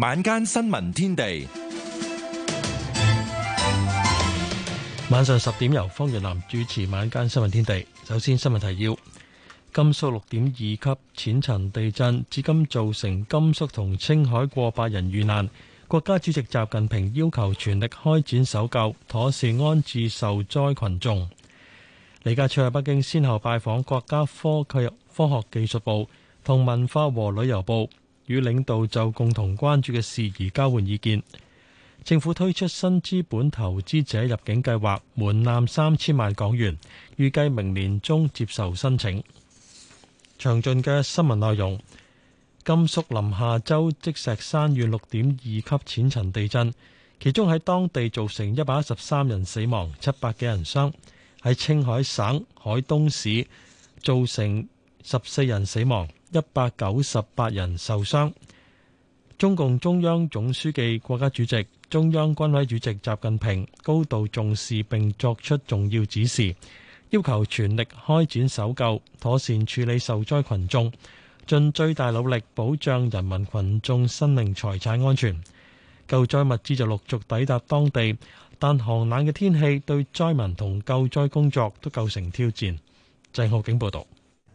晚間新聞天地，晚上十點由方月南主持。晚間新聞天地，首先新聞提要：甘肅六點二級淺層地震，至今造成甘肅同青海過百人遇難。國家主席習近平要求全力開展搜救，妥善安置受災群眾。李家超喺北京先後拜訪國家科，科技、科學技術部同文化和旅遊部。與領導就共同關注嘅事宜交換意見。政府推出新資本投資者入境計劃，門檻三千萬港元，預計明年中接受申請。詳盡嘅新聞內容：甘肅臨夏州積石山縣六點二級淺層地震，其中喺當地造成一百一十三人死亡、七百幾人傷；喺青海省海東市造成十四人死亡。一百九十八人受傷。中共中央總書記、國家主席、中央軍委主席習近平高度重視，並作出重要指示，要求全力開展搜救、妥善處理受災群眾，盡最大努力保障人民群眾生命財產安全。救災物資就陸續抵達當地，但寒冷嘅天氣對災民同救災工作都構成挑戰。鄭浩景報道。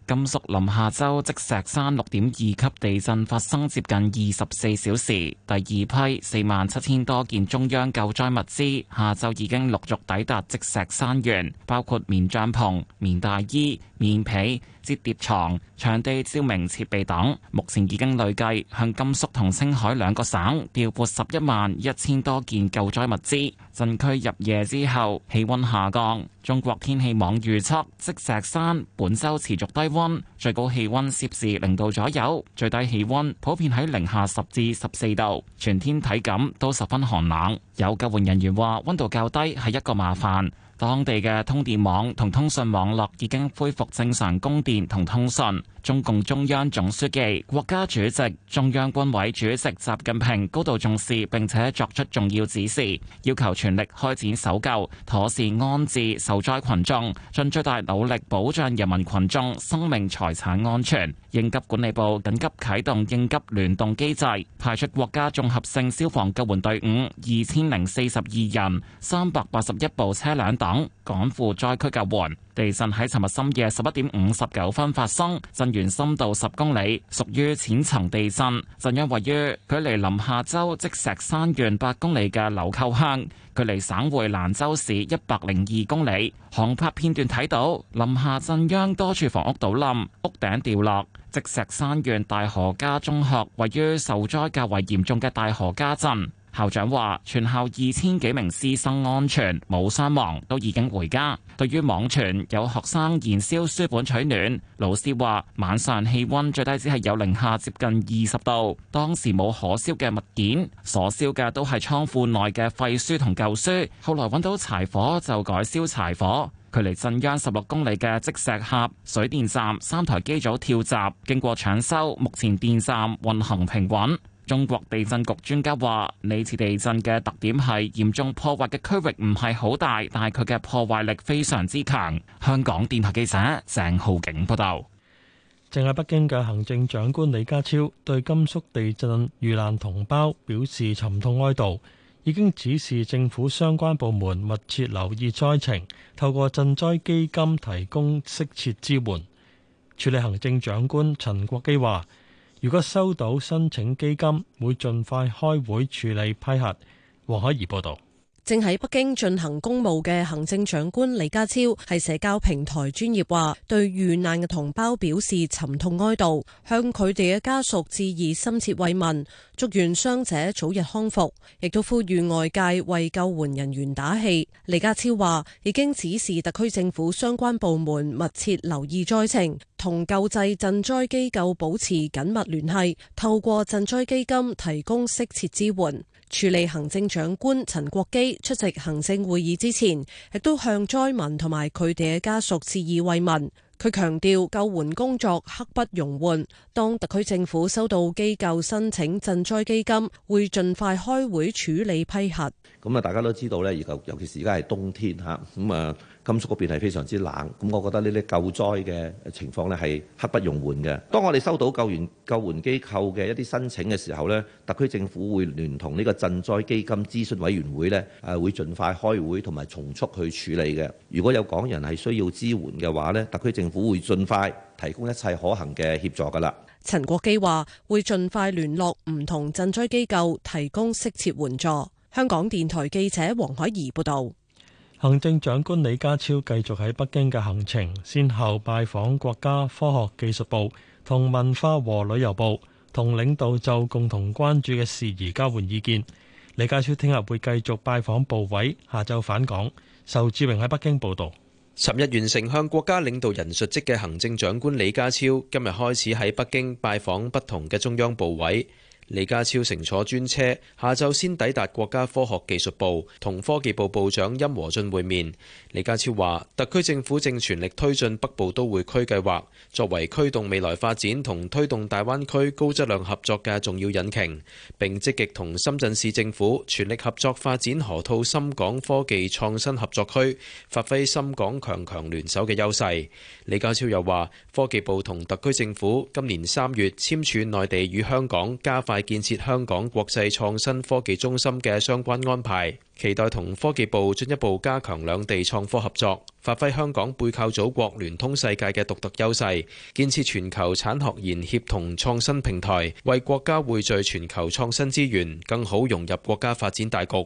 甘肅臨夏州積石山六點二級地震發生接近二十四小時，第二批四萬七千多件中央救災物資下晝已經陸續抵達積石山縣，包括棉帳篷、棉大衣、棉被。摺疊床、場地照明設備等，目前已經累計向甘肅同青海兩個省調撥十一萬一千多件救災物資。震區入夜之後，氣溫下降。中國天氣網預測，積石山本周持續低溫，最高氣溫攝氏零度左右，最低氣溫普遍喺零下十至十四度，全天體感都十分寒冷。有救援人員話，溫度較低係一個麻煩。當地嘅通電網同通訊網絡已經恢復正常供電同通訊。中共中央總書記、國家主席、中央軍委主席習近平高度重視，並且作出重要指示，要求全力開展搜救、妥善安置受災群眾，盡最大努力保障人民群眾生命財產安全。應急管理部緊急啟動應急聯動機制，派出國家綜合性消防救援隊伍二千零四十二人、三百八十一部車輛等，趕赴災區救援。地震喺尋日深夜十一點五十九分發生，震源深度十公里，屬於淺層地震。震央位於距離臨夏州積石山縣八公里嘅柳溝鄉，距離省會蘭州市一百零二公里。航拍片段睇到，臨夏震央多處房屋倒冧，屋頂掉落。積石山縣大河家中學位於受災較為嚴重嘅大河家鎮。校長話：全校二千幾名師生安全，冇傷亡，都已經回家。對於網傳有學生燃燒書本取暖，老師話晚上氣温最低只係有零下接近二十度，當時冇可燒嘅物件，所燒嘅都係倉庫內嘅廢書同舊書。後來揾到柴火就改燒柴火。距離震央十六公里嘅積石峽水電站三台機組跳閘，經過搶修，目前電站運行平穩。中國地震局專家話：呢次地震嘅特點係嚴重破壞嘅區域唔係好大，但係佢嘅破壞力非常之強。香港電台記者鄭浩景報道。正喺北京嘅行政長官李家超對甘肅地震遇難同胞表示沉痛哀悼，已經指示政府相關部門密切留意災情，透過賑災基金提供適切支援。署理行政長官陳國基話。如果收到申請基金，會盡快開會處理批核。王海怡報道。正喺北京進行公務嘅行政長官李家超喺社交平台專頁話，對遇難嘅同胞表示沉痛哀悼，向佢哋嘅家屬致以深切慰問，祝願傷者早日康復，亦都呼籲外界為救援人員打氣。李家超話，已經指示特區政府相關部門密切留意災情，同救濟賑災機構保持緊密聯繫，透過賑災基金提供適切支援。處理行政長官陳國基出席行政會議之前，亦都向災民同埋佢哋嘅家屬致以慰問。佢強調救援工作刻不容緩。當特區政府收到機構申請賑災基金，會盡快開會處理批核。咁啊，大家都知道咧，而尤其是而家係冬天吓，咁啊。甘肅嗰邊係非常之冷，咁我覺得呢啲救災嘅情況呢係刻不容緩嘅。當我哋收到救援救援機構嘅一啲申請嘅時候呢，特區政府會聯同呢個賑災基金諮詢委員會呢，誒會盡快開會同埋從速去處理嘅。如果有港人係需要支援嘅話呢，特區政府會盡快提供一切可行嘅協助噶啦。陳國基話會盡快聯絡唔同賑災機構提供適切援助。香港電台記者黃海怡報道。行政長官李家超繼續喺北京嘅行程，先後拜訪國家科學技術部、同文化和旅遊部，同領導就共同關注嘅事宜交換意見。李家超聽日會繼續拜訪部委，下晝返港。仇志榮喺北京報道。十日完成向國家領導人述職嘅行政長官李家超，今日開始喺北京拜訪不同嘅中央部委。李家超乘坐專車，下晝先抵達國家科學技術部，同科技部部長陰和俊會面。李家超話：特區政府正全力推進北部都會區計劃，作為驅動未來發展同推動大灣區高質量合作嘅重要引擎。並積極同深圳市政府全力合作發展河套深港科技創新合作區，發揮深港強強聯手嘅優勢。李家超又話：科技部同特區政府今年三月簽署內地與香港加快係建設香港國際創新科技中心嘅相關安排，期待同科技部進一步加強兩地創科合作，發揮香港背靠祖國、聯通世界嘅獨特優勢，建設全球產學研協同創新平台，為國家匯聚全球創新資源，更好融入國家發展大局。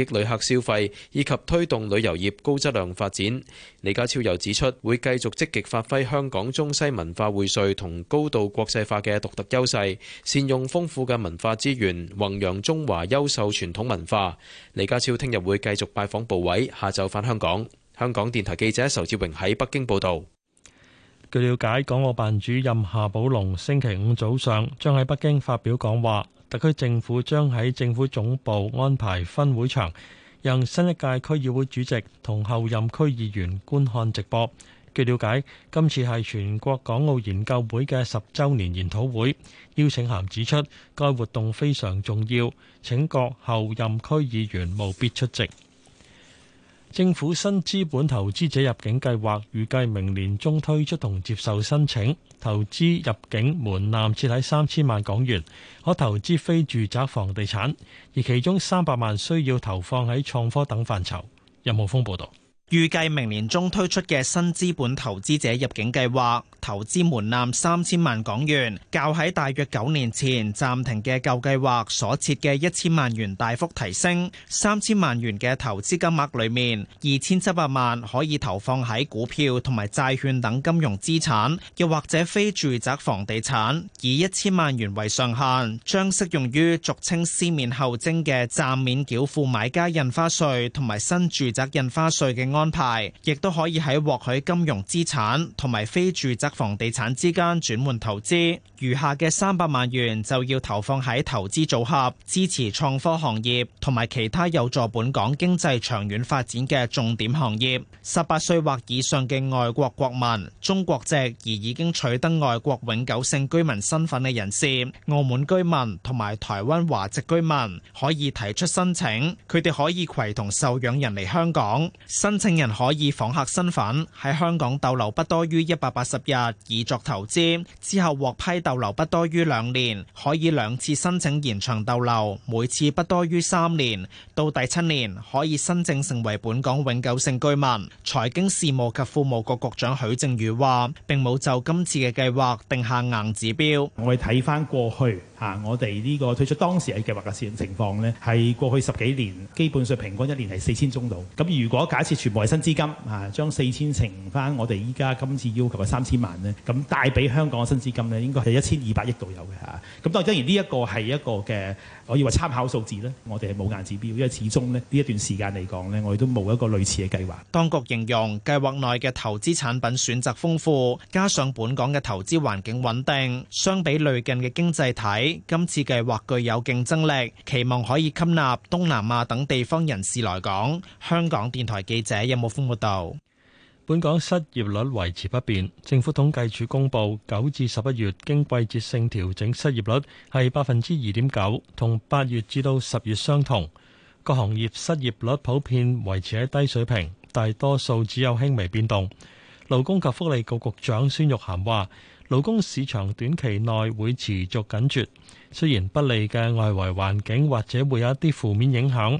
激旅客消費以及推動旅遊業高質量發展。李家超又指出，會繼續積極發揮香港中西文化薈萃同高度國際化嘅獨特優勢，善用豐富嘅文化資源，弘揚中華優秀傳統文化。李家超聽日會繼續拜訪部委，下晝返香港。香港電台記者仇志榮喺北京報導。據了解，港澳辦主任夏寶龍星期五早上將喺北京發表講話。特區政府將喺政府總部安排分會場，讓新一屆區議會主席同候任區議員觀看直播。據了解，今次係全國港澳研究會嘅十週年研討會，邀請函指出，該活動非常重要，請各候任區議員務必出席。政府新資本投資者入境計劃預計明年中推出同接受申請，投資入境門檻設喺三千萬港元，可投資非住宅房地產，而其中三百萬需要投放喺創科等範疇。任浩峰報導。預計明年中推出嘅新資本投資者入境計劃，投資門檻三千萬港元，較喺大約九年前暫停嘅舊計劃所設嘅一千萬元大幅提升。三千萬元嘅投資金額裏面，二千七百萬可以投放喺股票同埋債券等金融資產，又或者非住宅房地產，以一千萬元為上限，將適用於俗稱“先免後徵”嘅暫免繳付買家印花稅同埋新住宅印花稅嘅安安排亦都可以喺獲取金融資產同埋非住宅房地產之間轉換投資，餘下嘅三百萬元就要投放喺投資組合，支持創科行業同埋其他有助本港經濟長遠發展嘅重點行業。十八歲或以上嘅外國國民、中國籍而已經取得外國永久性居民身份嘅人士、澳門居民同埋台灣華籍居民可以提出申請，佢哋可以携同受養人嚟香港申請。經人可以訪客身份喺香港逗留不多於一百八十日以作投資，之後獲批逗留不多於兩年，可以兩次申請延長逗留，每次不多於三年，到第七年可以申請成為本港永久性居民。財經事務及庫務局局，局長許正宇話，並冇就今次嘅計劃定下硬指標。我會睇翻過去。啊！我哋呢個推出當時係計劃嘅市場情況呢，係過去十幾年基本上平均一年係四千宗度。咁如果假設全部係新資金啊，將四千乘翻我哋依家今次要求嘅三千萬呢，咁帶俾香港嘅新資金呢，應該係一千二百億度有嘅嚇。咁當然呢一個係一個嘅。可以話參考數字呢，我哋係冇硬指標，因為始終呢，呢一段時間嚟講呢，我哋都冇一個類似嘅計劃。當局形容計劃內嘅投資產品選擇豐富，加上本港嘅投資環境穩定，相比類近嘅經濟體，今次計劃具有競爭力，期望可以吸納東南亞等地方人士來港。香港電台記者任木風報道。本港失業率維持不變，政府統計處公布九至十一月經季節性調整失業率係百分之二點九，同八月至到十月相同。各行業失業率普遍維持喺低水平，大多數只有輕微變動。勞工及福利局局長孫玉菡話：勞工市場短期內會持續緊絀，雖然不利嘅外圍環境或者會有一啲負面影響。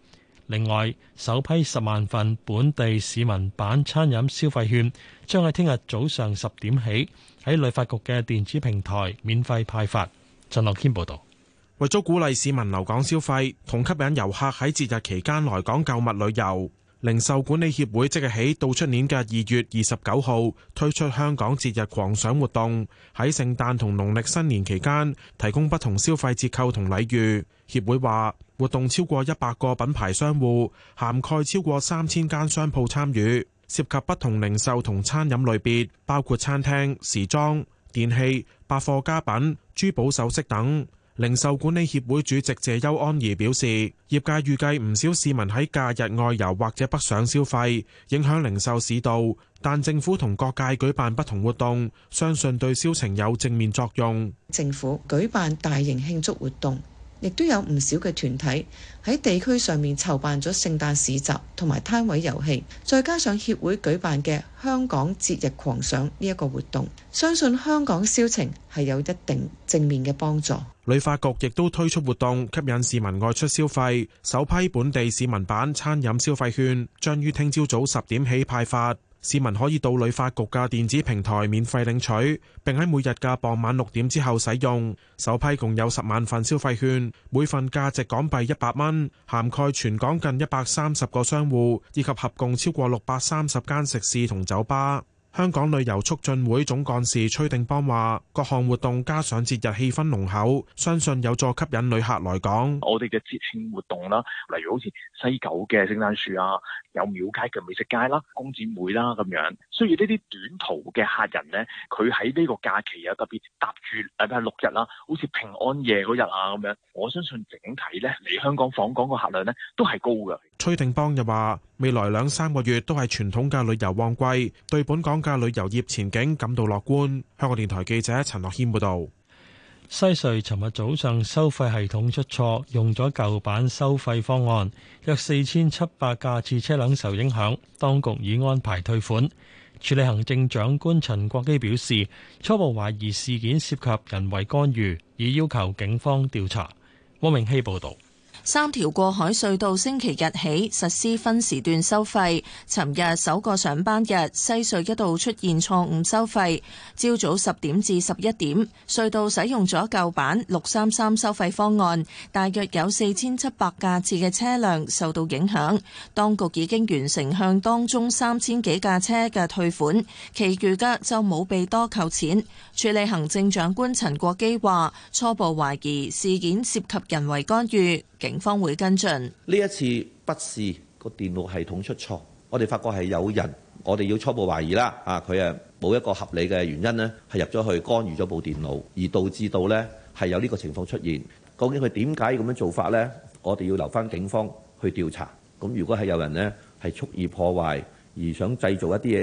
另外，首批十萬份本地市民版餐飲消費券將喺聽日早上十點起喺旅發局嘅電子平台免費派發，陳樂謙報道。為咗鼓勵市民留港消費同吸引遊客喺節日期間來港購物旅遊，零售管理協會即日起到出年嘅二月二十九號推出香港節日狂想活動，喺聖誕同農曆新年期間提供不同消費折扣同禮遇。協會話。活動超過一百個品牌商戶，涵蓋超過三千間商鋪參與，涉及不同零售同餐飲類別，包括餐廳、時裝、電器、百貨、家品、珠寶首飾等。零售管理協會主席謝優安儀表示，業界預計唔少市民喺假日外遊或者北上消費，影響零售市道。但政府同各界舉辦不同活動，相信對銷情有正面作用。政府舉辦大型慶祝活動。亦都有唔少嘅團體喺地區上面籌辦咗聖誕市集同埋攤位遊戲，再加上協會舉辦嘅香港節日狂想呢一個活動，相信香港銷情係有一定正面嘅幫助。旅發局亦都推出活動吸引市民外出消費，首批本地市民版餐飲消費券將於聽朝早十點起派發。市民可以到旅發局嘅電子平台免費領取，並喺每日嘅傍晚六點之後使用。首批共有十萬份消費券，每份價值港幣一百蚊，涵蓋全港近一百三十個商戶，以及合共超過六百三十間食肆同酒吧。香港旅遊促進會總幹事崔定邦話：各項活動加上節日氣氛濃厚，相信有助吸引旅客來港。我哋嘅節慶活動啦，例如好似西九嘅聖誕樹啊，有廟街嘅美食街啦，工展會啦咁樣。所以呢啲短途嘅客人呢，佢喺呢個假期啊，特別搭住禮拜六日啦，好似平安夜嗰日啊咁樣，我相信整體呢，嚟香港訪港個客量呢都係高嘅。崔定邦又話未來兩三個月都係傳統嘅旅遊旺季，對本港嘅旅遊業前景感到樂觀。香港電台記者陳樂謙報道。西隧尋日早上收費系統出錯，用咗舊版收費方案，約四千七百架次車輛受影響，當局已安排退款。署理行政長官陳國基表示，初步懷疑事件涉及人為干預，已要求警方調查。汪明熙報導。三條過海隧道星期日起實施分時段收費。尋日，首個上班日，西隧一度出現錯誤收費。朝早十點至十一點，隧道使用咗舊版六三三收費方案，大約有四千七百架次嘅車輛受到影響。當局已經完成向當中三千幾架車嘅退款，其餘家就冇被多扣錢。署理行政長官陳國基話，初步懷疑事件涉及人為干預。警方會跟進。呢一次不是個電腦系統出錯，我哋發覺係有人，我哋要初步懷疑啦。啊，佢啊冇一個合理嘅原因咧，係入咗去干預咗部電腦，而導致到呢係有呢個情況出現。究竟佢點解要咁樣做法呢？我哋要留返警方去調查。咁如果係有人呢係蓄意破壞而想製造一啲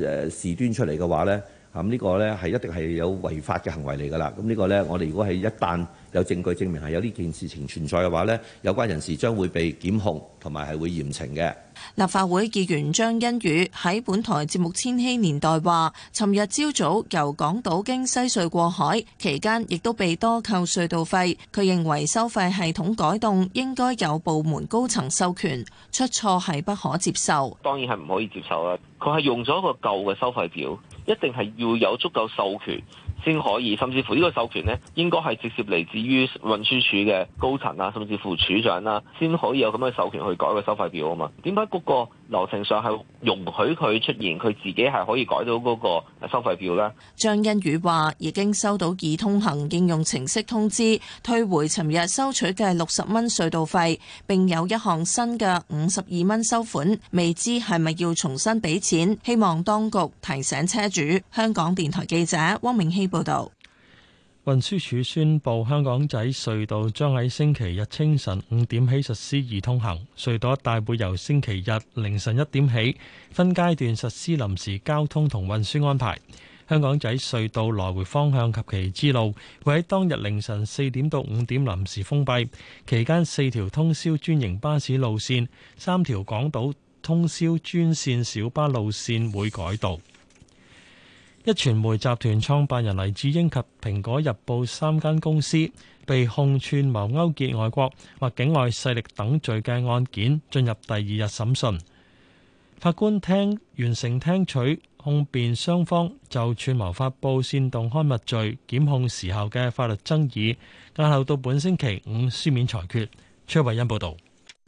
嘢事端出嚟嘅話呢，咁呢個呢係一定係有違法嘅行為嚟噶啦。咁呢個呢，我哋如果係一旦有證據證明係有呢件事情存在嘅話呢，有關人士將會被檢控，同埋係會嚴懲嘅。立法會議員張欣宇喺本台節目《千禧年代》話，尋日朝早由港島經西隧過海期間，亦都被多扣隧道費。佢認為收費系統改動應該有部門高層授權，出錯係不可接受。當然係唔可以接受啦！佢係用咗一個舊嘅收費表，一定係要有足夠授權。先可以，甚至乎呢個授權咧，應該係直接嚟自於運輸署嘅高層啊，甚至乎署長啦，啊，先可以有咁嘅授權去改個收費表啊嘛。點解嗰個？流程上係容許佢出現，佢自己係可以改到嗰個收費票啦。張欣宇話：已經收到易通行應用程式通知，退回尋日收取嘅六十蚊隧道費，並有一項新嘅五十二蚊收款，未知係咪要重新俾錢？希望當局提醒車主。香港電台記者汪明希報導。運輸署宣布，香港仔隧道將喺星期日清晨五點起實施易通行。隧道一帶會由星期日凌晨一點起分階段實施臨時交通同運輸安排。香港仔隧道來回方向及其支路會喺當日凌晨四點到五點臨時封閉，期間四條通宵專營巴士路綫、三條港島通宵專綫小巴路綫會改道。一傳媒集團創辦人黎智英及蘋果日報三間公司被控串謀勾結外國或境外勢力等罪嘅案件，進入第二日審訊。法官聽完成聽取控辯雙方就串謀發布煽動刊物罪檢控時候嘅法律爭議，押後到本星期五書面裁決。崔慧欣報道。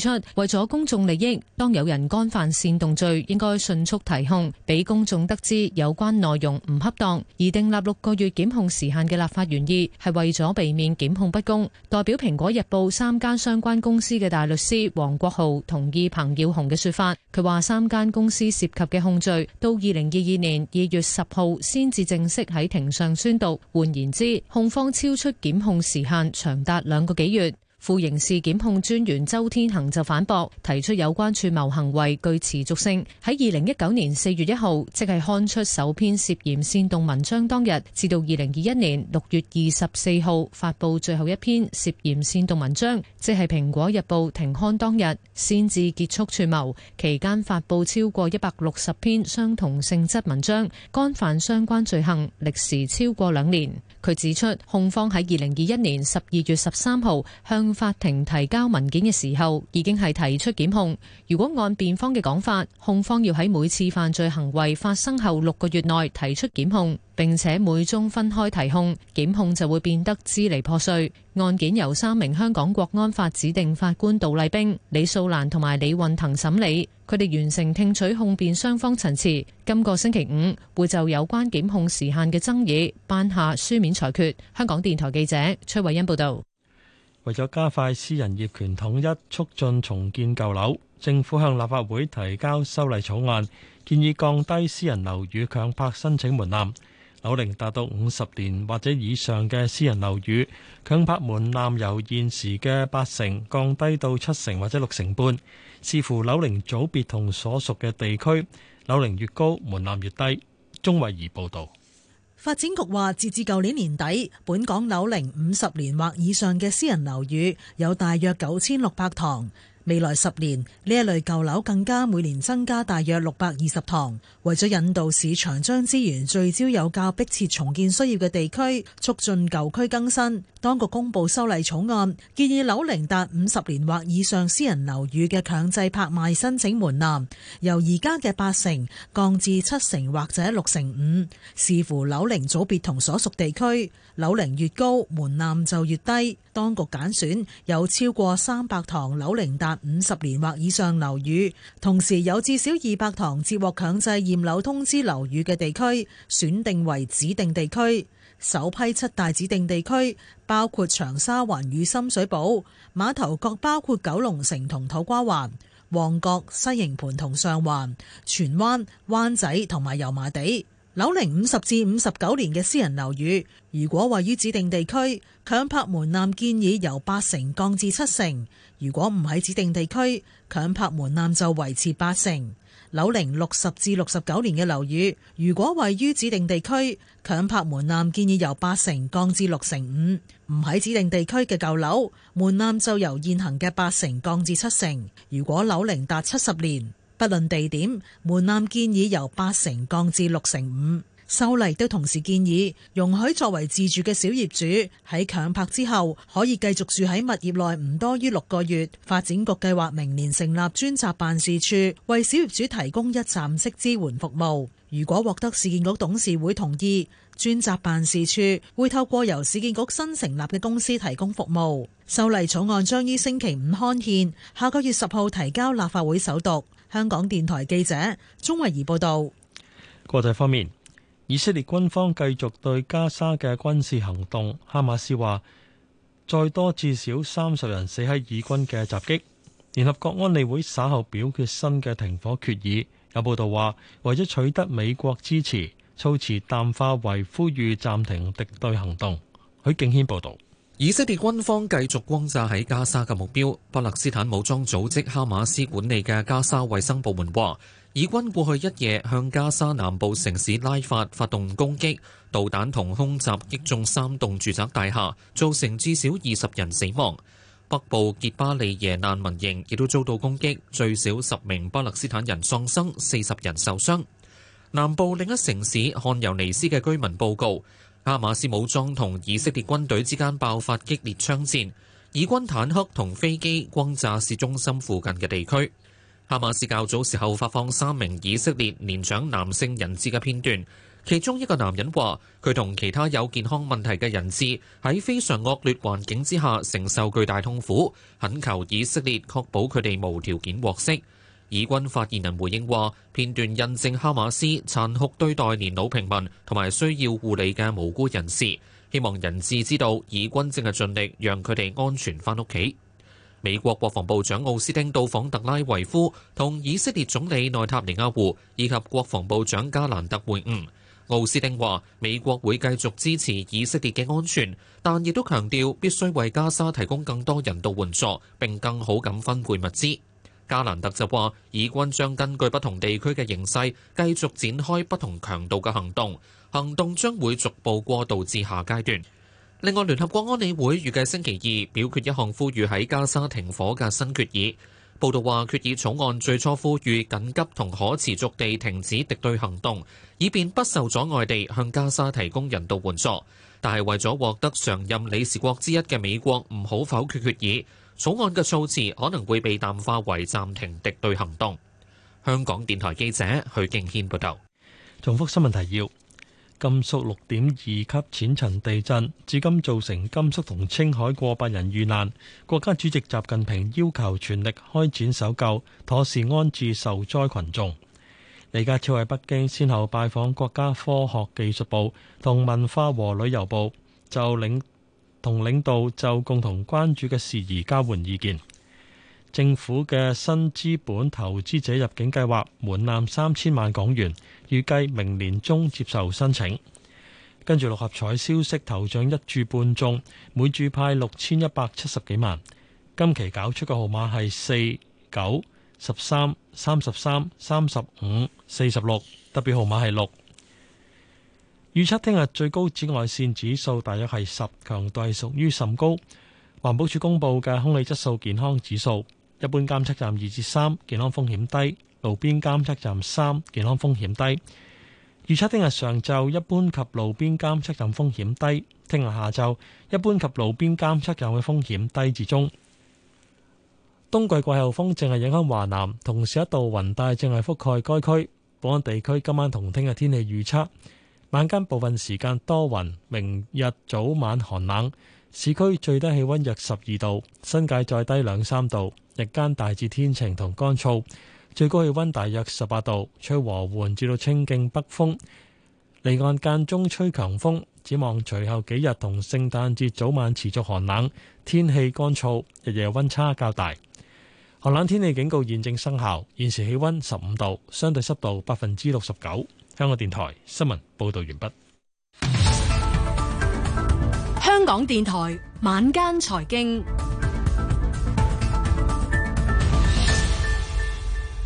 出為咗公眾利益，當有人干犯煽動罪，應該迅速提控，俾公眾得知有關內容唔恰當。而訂立六個月檢控時限嘅立法原意，係為咗避免檢控不公。代表蘋果日報三間相關公司嘅大律師王國浩同意彭耀雄嘅說法。佢話三間公司涉及嘅控罪，到二零二二年二月十號先至正式喺庭上宣讀。換言之，控方超出檢控時限長達兩個幾月。副刑事檢控專員周天恒就反駁，提出有關串謀行為具持續性，喺二零一九年四月一號，即係刊出首篇涉嫌煽動文章當日，至到二零二一年六月二十四號發布最後一篇涉嫌煽動文章，文章即係《蘋果日報》停刊當日，先至結束串謀。期間發布超過一百六十篇相同性質文章，干犯相關罪行，歷時超過兩年。佢指出，控方喺二零二一年十二月十三號向法庭提交文件嘅時候，已經係提出檢控。如果按辯方嘅講法，控方要喺每次犯罪行為發生後六個月內提出檢控，並且每宗分開提控，檢控就會變得支離破碎。案件由三名香港國安法指定法官杜麗冰、李素蘭同埋李運騰審理，佢哋完成聽取控辯雙，雙方陳詞。今、這個星期五會就有關檢控時限嘅爭議頒下書面裁決。香港電台記者崔慧欣報道。為咗加快私人業權統一，促進重建舊樓，政府向立法會提交修例草案，建議降低私人樓宇強拍申請門檻。樓齡達到五十年或者以上嘅私人樓宇，強拍門檻由現時嘅八成降低到七成或者六成半，視乎樓齡組別同所屬嘅地區，樓齡越高門檻越低。鍾慧儀報導。發展局話，截至舊年年底，本港樓齡五十年或以上嘅私人樓宇有大約九千六百幢。未來十年呢一類舊樓更加每年增加大約六百二十幢。為咗引導市場將資源聚焦有較迫切重建需要嘅地區，促進舊區更新，當局公布修例草案，建議樓齡達五十年或以上私人樓宇嘅強制拍賣申請門檻，由而家嘅八成降至七成或者六成五，視乎樓齡組別同所屬地區，樓齡越高，門檻就越低。當局揀選有超過三百幢樓齡達五十年或以上樓宇，同時有至少二百幢接獲強制驗樓通知樓宇嘅地區，選定為指定地區。首批七大指定地區包括長沙灣與深水埗、馬頭角，包括九龍城同土瓜灣、旺角、西營盤同上環、荃灣、灣仔同埋油麻地。樓齡五十至五十九年嘅私人樓宇，如果位於指定地區，強拍門檻建議由八成降至七成；如果唔喺指定地區，強拍門檻就維持八成。樓齡六十至六十九年嘅樓宇，如果位於指定地區，強拍門檻建議由八成降至六成五；唔喺指定地區嘅舊樓，門檻就由現行嘅八成降至七成。如果樓齡達七十年，不論地點，門檻建議由八成降至六成五。修例都同時建議容許作為自住嘅小業主喺強拍之後可以繼續住喺物業內，唔多於六個月。發展局計劃明年成立專責辦事處，為小業主提供一站式支援服務。如果獲得市建局董事會同意，專責辦事處會透過由市建局新成立嘅公司提供服務。修例草案將於星期五刊憲，下個月十號提交立法會首讀。香港電台記者鍾慧怡報道。國際方面，以色列軍方繼續對加沙嘅軍事行動。哈馬斯話再多至少三十人死喺以軍嘅襲擊。聯合國安理會稍後表決新嘅停火決議。有報道話為咗取得美國支持，措辭淡化為呼籲暫停敵對行動。許敬軒報道。以色列軍方繼續轟炸喺加沙嘅目標。巴勒斯坦武裝組織哈馬斯管理嘅加沙衛生部門話，以軍過去一夜向加沙南部城市拉法發，發動攻擊，導彈同空襲擊中三棟住宅大廈，造成至少二十人死亡。北部傑巴利耶難民營亦都遭到攻擊，最少十名巴勒斯坦人喪生，四十人受傷。南部另一城市漢尤尼斯嘅居民報告。哈馬斯武裝同以色列軍隊之間爆發激烈槍戰，以軍坦克同飛機轟炸市中心附近嘅地區。哈馬斯較早時候發放三名以色列年長男性人質嘅片段，其中一個男人話，佢同其他有健康問題嘅人質喺非常惡劣環境之下承受巨大痛苦，懇求以色列確保佢哋無條件獲釋。以軍發言人回應話：片段印證哈馬斯殘酷對待年老平民同埋需要護理嘅無辜人士，希望人質知道以軍正係盡力讓佢哋安全返屋企。美國國防部長奧斯汀到訪特拉維夫，同以色列總理內塔尼亞胡以及國防部長加蘭特會晤。奧斯汀話：美國會繼續支持以色列嘅安全，但亦都強調必須為加沙提供更多人道援助，並更好咁分配物資。加蘭特就話，以軍將根據不同地區嘅形勢，繼續展開不同強度嘅行動，行動將會逐步過渡至下階段。另外，聯合國安理會預計星期二表決一項呼籲喺加沙停火嘅新決議。報道話，決議草案最初呼籲緊急同可持續地停止敵對行動，以便不受阻礙地向加沙提供人道援助，但係為咗獲得常任理事國之一嘅美國唔好否決決議。草案嘅數字可能會被淡化為暫停敵對行動。香港電台記者許敬軒報導。重複新聞提要：甘肅六點二級淺層地震，至今造成甘肅同青海過百人遇難。國家主席習近平要求全力開展搜救，妥善安置受災群眾。李家超喺北京先後拜訪國家科學技術部同文化和旅遊部，就領同領導就共同關注嘅事宜交換意見。政府嘅新資本投資者入境計劃門檻三千萬港元，預計明年中接受申請。跟住六合彩消息，頭獎一注半中，每注派六千一百七十幾萬。今期搞出嘅號碼係四、九、十三、三十三、三十五、四十六，特別號碼係六。預測聽日最高紫外線指數大約係十，強度係屬於甚高。環保署公布嘅空氣質素健康指數，一般監測站二至三，健康風險低；路邊監測站三，健康風險低。預測聽日上晝一般及路邊監測站風險低，聽日下晝一般及路邊監測站嘅風險低至中。冬季季候風正係影響華南，同時一道雲帶正係覆蓋該區。本港地區今晚同聽日天氣預測。晚間部分時間多雲，明日早晚寒冷，市區最低氣溫約十二度，新界再低兩三度。日間大致天晴同乾燥，最高氣溫大約十八度，吹和緩至到清勁北風，離岸間中吹強風。展望隨後幾日同聖誕節早晚持續寒冷，天氣乾燥，日夜溫差較大。寒冷天氣警告現正生效，現時氣溫十五度，相對濕度百分之六十九。香港電台新聞報道完畢。香港電台晚間財經。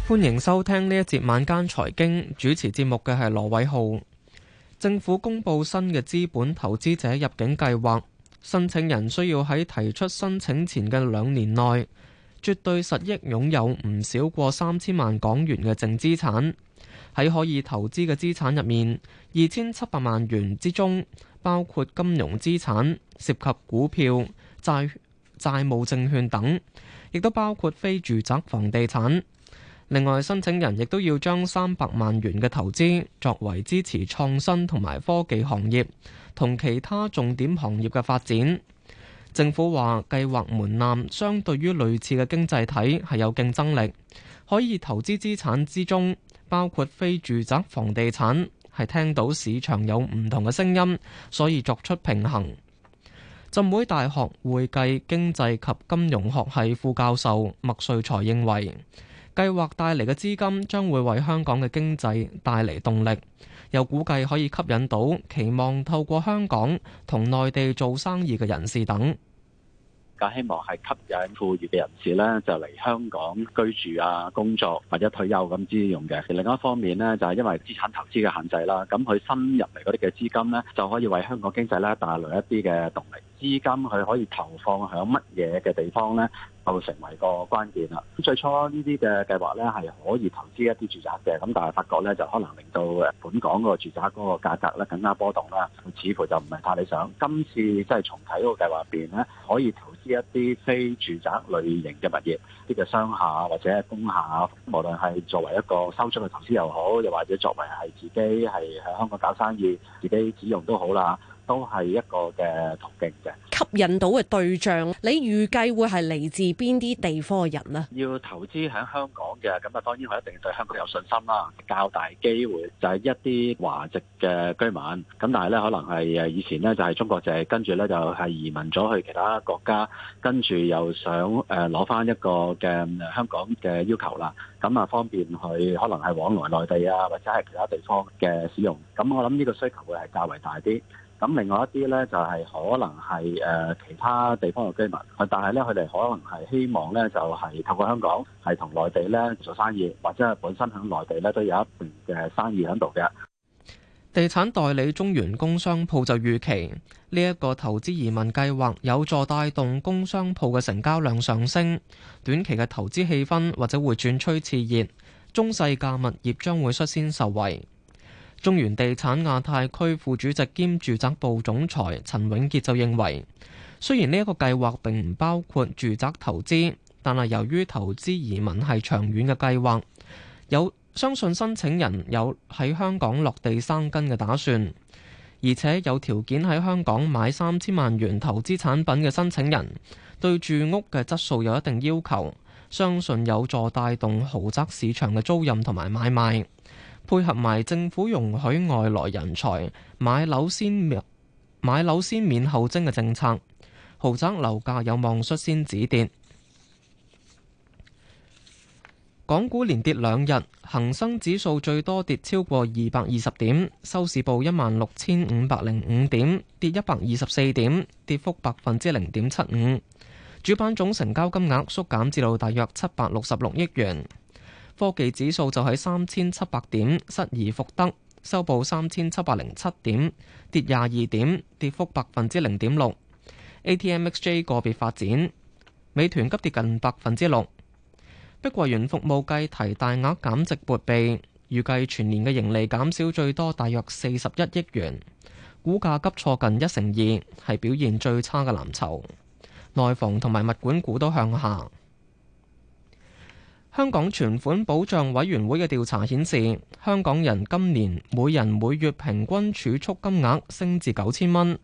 歡迎收聽呢一節晚間財經，主持節目嘅係羅偉浩。政府公布新嘅資本投資者入境計劃，申請人需要喺提出申請前嘅兩年內，絕對實益擁有唔少過三千萬港元嘅淨資產。喺可以投資嘅資產入面，二千七百萬元之中，包括金融資產，涉及股票、債債務證券等，亦都包括非住宅房地產。另外，申請人亦都要將三百萬元嘅投資作為支持創新同埋科技行業同其他重點行業嘅發展。政府話計劃門檻相對於類似嘅經濟體係有競爭力，可以投資資產之中。包括非住宅房地產，係聽到市場有唔同嘅聲音，所以作出平衡。浸會大學會計經濟及金融學系副教授麥瑞才認為，計劃帶嚟嘅資金將會為香港嘅經濟帶嚟動力，又估計可以吸引到期望透過香港同內地做生意嘅人士等。希望係吸引富裕嘅人士咧，就嚟香港居住啊、工作或者退休咁之用嘅。而另外一方面咧，就係因為資產投資嘅限制啦，咁佢新入嚟嗰啲嘅資金咧，就可以為香港經濟咧帶來一啲嘅動力。資金佢可以投放響乜嘢嘅地方咧？就成為個關鍵啦。咁最初呢啲嘅計劃呢，係可以投資一啲住宅嘅，咁但係發覺呢，就可能令到本港個住宅嗰個價格咧更加波動啦。似乎就唔係太理想。今次即係重啟個計劃入邊咧，可以投資一啲非住宅類型嘅物業，呢個商廈或者工廈，無論係作為一個收租嘅投資又好，又或者作為係自己係喺香港搞生意自己使用都好啦。都係一個嘅途徑嘅，吸引到嘅對象，你預計會係嚟自邊啲地方嘅人呢？要投資喺香港嘅，咁啊當然佢一定要對香港有信心啦。較大機會就係一啲華籍嘅居民，咁但係咧可能係誒以前咧就係、是、中國籍，跟住咧就係、是、移民咗去其他國家，跟住又想誒攞翻一個嘅香港嘅要求啦。咁啊方便佢可能係往來內地啊，或者係其他地方嘅使用。咁我諗呢個需求會係較為大啲。咁另外一啲咧，就係可能係誒其他地方嘅居民，但係咧，佢哋可能係希望咧，就係透過香港，係同內地咧做生意，或者係本身喺內地咧都有一定嘅生意喺度嘅。 地產代理中原工商鋪就預期呢一個投資移民計劃有助帶動工商鋪嘅成交量上升，短期嘅投資氣氛或者會轉趨熾熱，中細價物業將會率先受惠。中原地產亞太區副主席兼住宅部總裁陳永傑就認為，雖然呢一個計劃並唔包括住宅投資，但係由於投資移民係長遠嘅計劃，有相信申請人有喺香港落地生根嘅打算，而且有條件喺香港買三千萬元投資產品嘅申請人，對住屋嘅質素有一定要求，相信有助帶動豪宅市場嘅租賃同埋買賣。配合埋政府容許外來人才買樓先免買樓先免後徵嘅政策，豪宅樓價有望率先止跌。港股連跌兩日，恒生指數最多跌超過二百二十點，收市報一萬六千五百零五點，跌一百二十四點，跌幅百分之零點七五。主板總成交金額縮減至到大約七百六十六億元。科技指數就喺三千七百點失而復得，收報三千七百零七點，跌廿二點，跌幅百分之零點六。ATMXJ 個別發展，美團急跌近百分之六。碧桂園服務計提大額減值撥備，預計全年嘅盈利減少最多大約四十一億元，股價急挫近一成二，係表現最差嘅藍籌。內房同埋物管股都向下。香港存款保障委員會嘅調查顯示，香港人今年每人每月平均儲蓄金額升至九千蚊，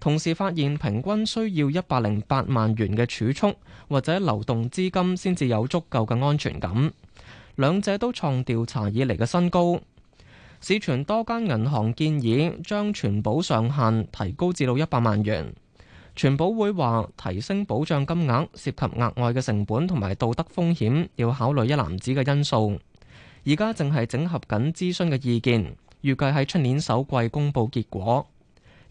同時發現平均需要一百零八萬元嘅儲蓄或者流動資金先至有足夠嘅安全感，兩者都創調查以嚟嘅新高。市傳多間銀行建議將存保上限提高至到一百萬元。全保會話提升保障金額涉及額外嘅成本同埋道德風險，要考慮一籃子嘅因素。而家正係整合緊諮詢嘅意見，預計喺出年首季公布結果。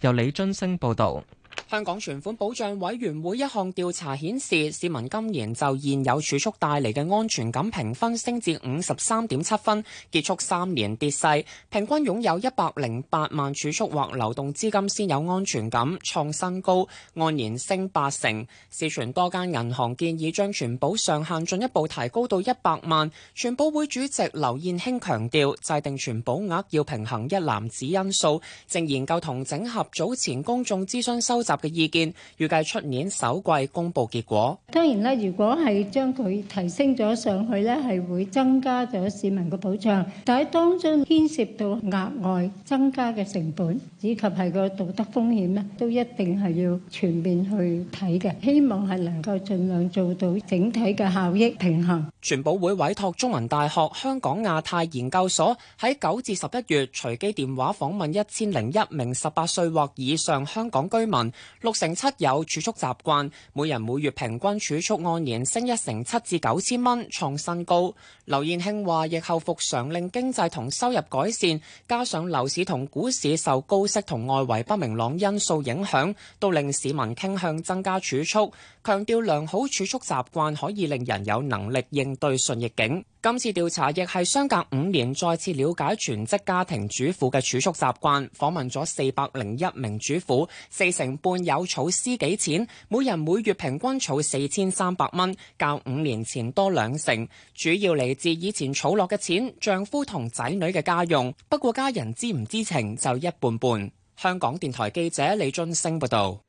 由李津升報導。香港存款保障委員會一項調查顯示，市民今年就現有儲蓄帶嚟嘅安全感評分升至五十三點七分，結束三年跌勢。平均擁有一百零八萬儲蓄或流動資金先有安全感，創新高，按年升八成。市傳多間銀行建議將存保上限進一步提高到一百萬。存保會主席劉燕卿強調，制定存保額要平衡一籃子因素，正研究同整合早前公眾諮詢收集嘅意見，預計出年首季公布結果。當然咧，如果係將佢提升咗上去咧，係會增加咗市民嘅保障，但係當中牽涉到額外增加嘅成本，以及係個道德風險咧，都一定係要全面去睇嘅。希望係能夠儘量做到整體嘅效益平衡。全保會委託中文大學香港亞太研究所喺九至十一月隨機電話訪問一千零一名十八歲或以上香港居民。六成七有儲蓄習慣，每人每月平均儲蓄按年升一成七至九千蚊，創新高。劉燕慶話：疫後復常令經濟同收入改善，加上樓市同股市受高息同外圍不明朗因素影響，都令市民傾向增加儲蓄。強調良好儲蓄習慣可以令人有能力應對順逆境。今次調查亦係相隔五年再次了解全職家庭主婦嘅儲蓄習慣，訪問咗四百零一名主婦，四成半有儲私己錢，每人每月平均儲四千三百蚊，較五年前多兩成。主要嚟自以前儲落嘅錢，丈夫同仔女嘅家用。不過家人知唔知情就一半半。香港電台記者李俊升報導。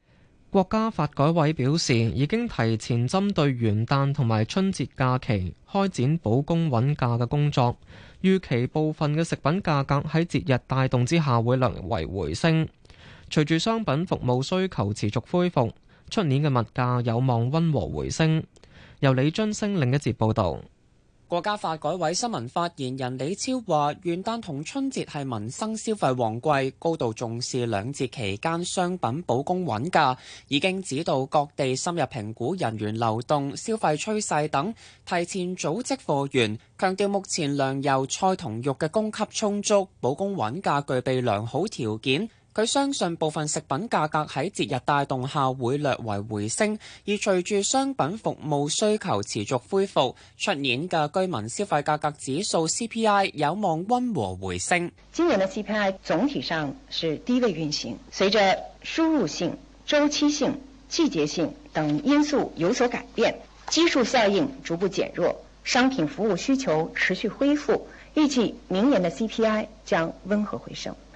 國家發改委表示，已經提前針對元旦同埋春節假期開展保供穩價嘅工作，預期部分嘅食品價格喺節日帶動之下會略為回升。隨住商品服務需求持續恢復，出年嘅物價有望温和回升。由李津星另一節報道。國家發改委新聞發言人李超話：元旦同春節係民生消費旺季，高度重視兩節期間商品保供穩價，已經指導各地深入評估人員流動、消費趨勢等，提前組織貨源。強調目前糧油、菜同肉嘅供給充足，保供穩價具備良好條件。佢相信部分食品價格喺節日帶動下會略為回升，而隨住商品服務需求持續恢復，出年嘅居民消費價格指數 CPI 有望溫和回升。今年的 CPI 總體上是低位運行，隨着輸入性、周期性、季節性等因素有所改變，基數效應逐步減弱，商品服務需求持續恢復，預計明年的 CPI 將溫和回升。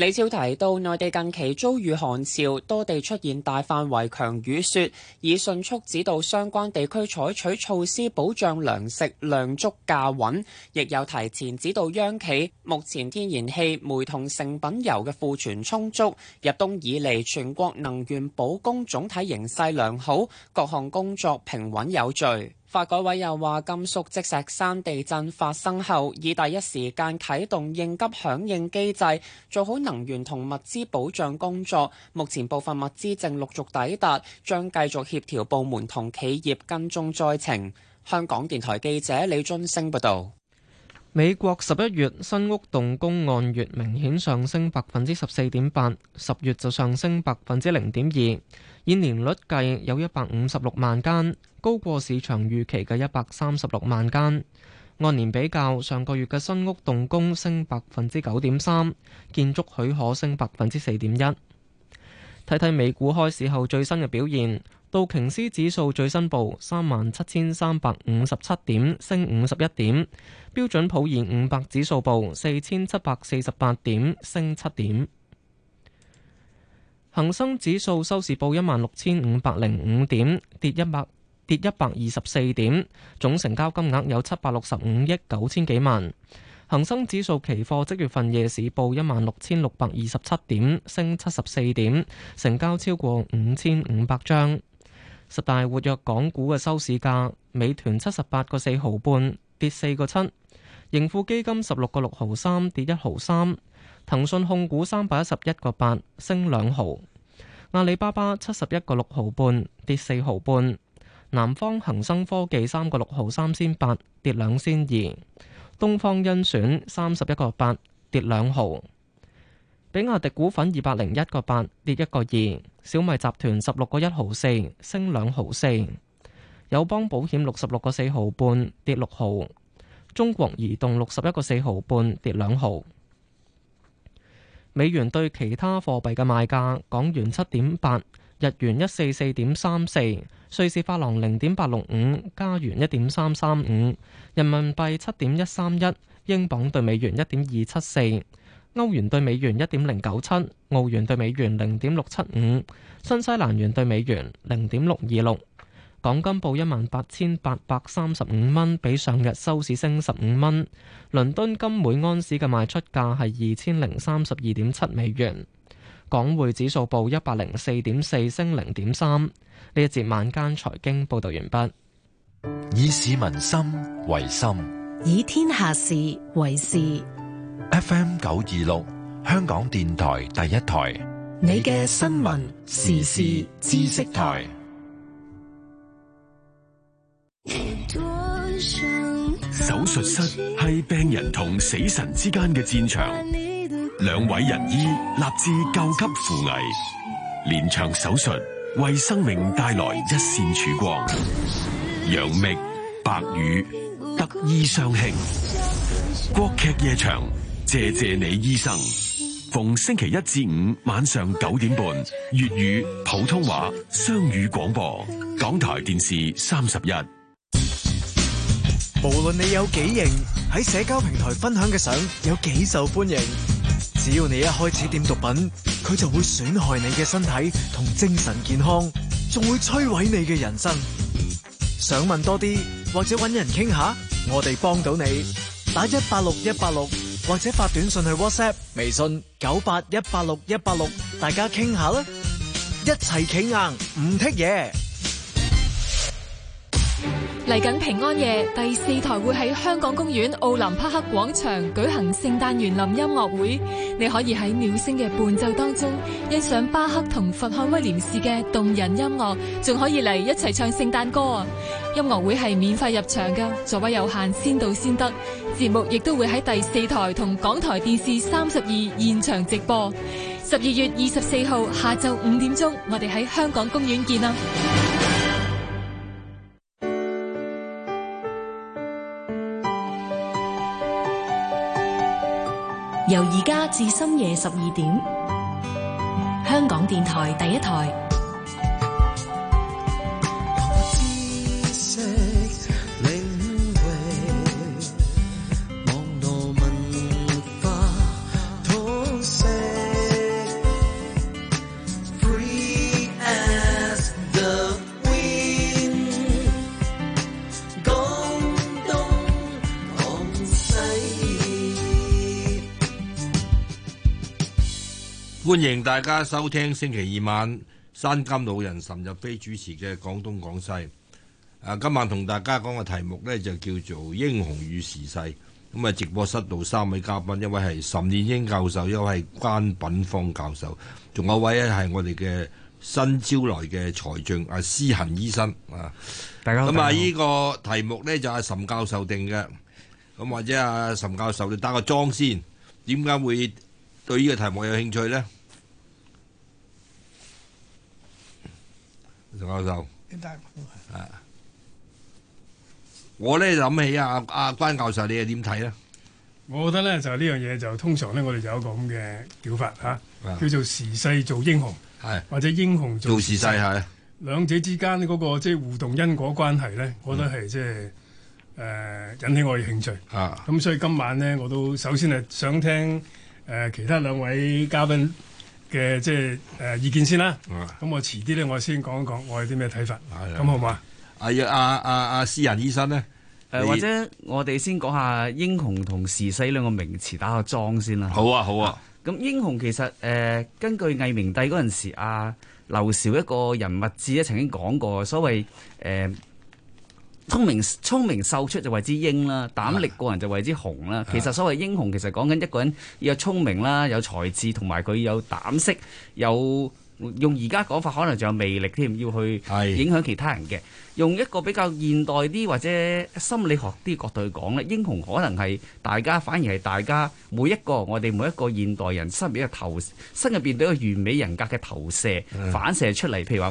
李超提到，內地近期遭遇寒潮，多地出現大範圍強雨雪，已迅速指導相關地區採取措施保障糧食、量足價穩；亦有提前指導央企，目前天然氣、煤同成品油嘅庫存充足。入冬以嚟，全國能源保供總體形勢良好，各項工作平穩有序。發改委又話，甘肅積石山地震發生後，已第一時間啟動應急響應機制，做好能源同物資保障工作，目前部分物資正陸續抵達，將繼續協調部門同企業跟蹤災情。香港電台記者李津升報道。美國十一月新屋動工按月明顯上升百分之十四點八，十月就上升百分之零點二，以年率計有一百五十六萬間，高過市場預期嘅一百三十六萬間。按年比較，上個月嘅新屋動工升百分之九點三，建築許可升百分之四點一。睇睇美股開市後最新嘅表現，道瓊斯指數最新報三萬七千三百五十七點，升五十一點；標準普爾五百指數報四千七百四十八點，升七點；恒生指數收市報一萬六千五百零五點，跌一百。跌一百二十四點，總成交金額有七百六十五億九千幾萬。恒生指數期貨即月份夜市報一萬六千六百二十七點，升七十四點，成交超過五千五百張。十大活躍港股嘅收市價：美團七十八個四毫半，跌四個七；盈富基金十六個六毫三，跌一毫三；騰訊控股三百一十一個八，升兩毫；阿里巴巴七十一個六毫半，跌四毫半。南方恒生科技三個六毫三仙八，跌兩仙二。東方甄選三十一個八，跌兩毫。比亞迪股份二百零一個八，跌一個二。小米集團十六個一毫四，升兩毫四。友邦保險六十六個四毫半，跌六毫。中國移動六十一個四毫半，跌兩毫。美元對其他貨幣嘅賣價，港元七點八。日元一四四點三四，瑞士法郎零點八六五，加元一點三三五，人民幣七點一三一，英鎊對美元一點二七四，歐元對美元一點零九七，澳元對美元零點六七五，新西蘭元對美元零點六二六。港金報一萬八千八百三十五蚊，比上日收市升十五蚊。倫敦金每安士嘅賣出價係二千零三十二點七美元。港匯指數報一百零四點四，升零點三。呢一節晚間財經報道完畢。以市民心為心，以天下事為事。FM 九二六，香港電台第一台，你嘅新聞時事知識台。 手術室係病人同死神之間嘅戰場。兩位仁醫立志救急扶危，連場手術為生命帶來一線曙光。楊冪、白宇，得意相慶。國劇夜場，謝謝你醫生。逢星期一至五晚上九點半，粵語、普通話雙語廣播，港台電視三十一。無論你有幾型喺社交平台分享嘅相，有幾受歡迎只要你一開始掂毒品，佢就會損害你嘅身體同精神健康，仲會摧毀你嘅人生。想問多啲或者搵人傾下，我哋幫到你。打一八六一八六或者發短信去 WhatsApp、微信九八一八六一八六，大家傾下啦，一齊企硬唔踢嘢。嚟緊平安夜，第四台會喺香港公園奧林匹克廣場舉行聖誕園林音樂會，你可以喺鳥聲嘅伴奏當中欣賞巴赫同佛漢威廉士嘅動人音樂，仲可以嚟一齊唱聖誕歌啊！音樂會係免費入場噶，座位有限，先到先得。節目亦都會喺第四台同港台電視三十二現場直播。十二月二十四號下晝五點鐘，我哋喺香港公園見啦！由而家至深夜十二點，香港電台第一台。歡迎大家收聽星期二晚山金老人岑日飛主持嘅廣東廣西。啊，今晚同大家講嘅題目咧就叫做《英雄與時勢》。咁啊，直播室度三位嘉賓，一位係岑燕英教授，一位係關品方教授，仲有一位咧係我哋嘅新招來嘅才俊阿施恒醫生。啊，大家好。咁啊，呢個題目咧就阿岑教授定嘅。咁或者阿岑教授你打個樁，先？點解會對呢個題目有興趣咧？教授、啊，啊，我咧諗起啊，阿關教授，你又點睇咧？我覺得咧就呢樣嘢就通常咧，我哋有一個咁嘅叫法啊，叫做時勢做英雄，係的或者英雄做時勢係，兩者之間嗰、那個即係、就是、互動因果關係咧，我覺得係即係誒引起我嘅興趣啊。咁的所以今晚咧，我都首先係想聽誒、呃、其他兩位嘉賓。嘅即係誒、呃、意見先啦，咁、嗯、我遲啲咧，我先講一講我有啲咩睇法，咁、嗯、好唔好啊？係啊，阿阿阿私人醫生咧你、啊，或者我哋先講下英雄同時勢兩個名詞打下莊先啦。好啊，好啊。咁、啊、英雄其實誒、呃，根據魏明帝嗰陣時啊，劉韶一個人物志咧曾經講過所謂誒。呃聰明聰明秀出就為之英啦，膽力過人就為之雄啦。其實所謂英雄，其實講緊一個人有聰明啦，有才智，同埋佢有膽識，有用而家講法，可能仲有魅力添，要去影響其他人嘅。用一個比較現代啲或者心理學啲角度去講咧，英雄可能係大家反而係大家每一個我哋每一個現代人身邊嘅頭身入邊都一個完美人格嘅投射反射出嚟，譬如話。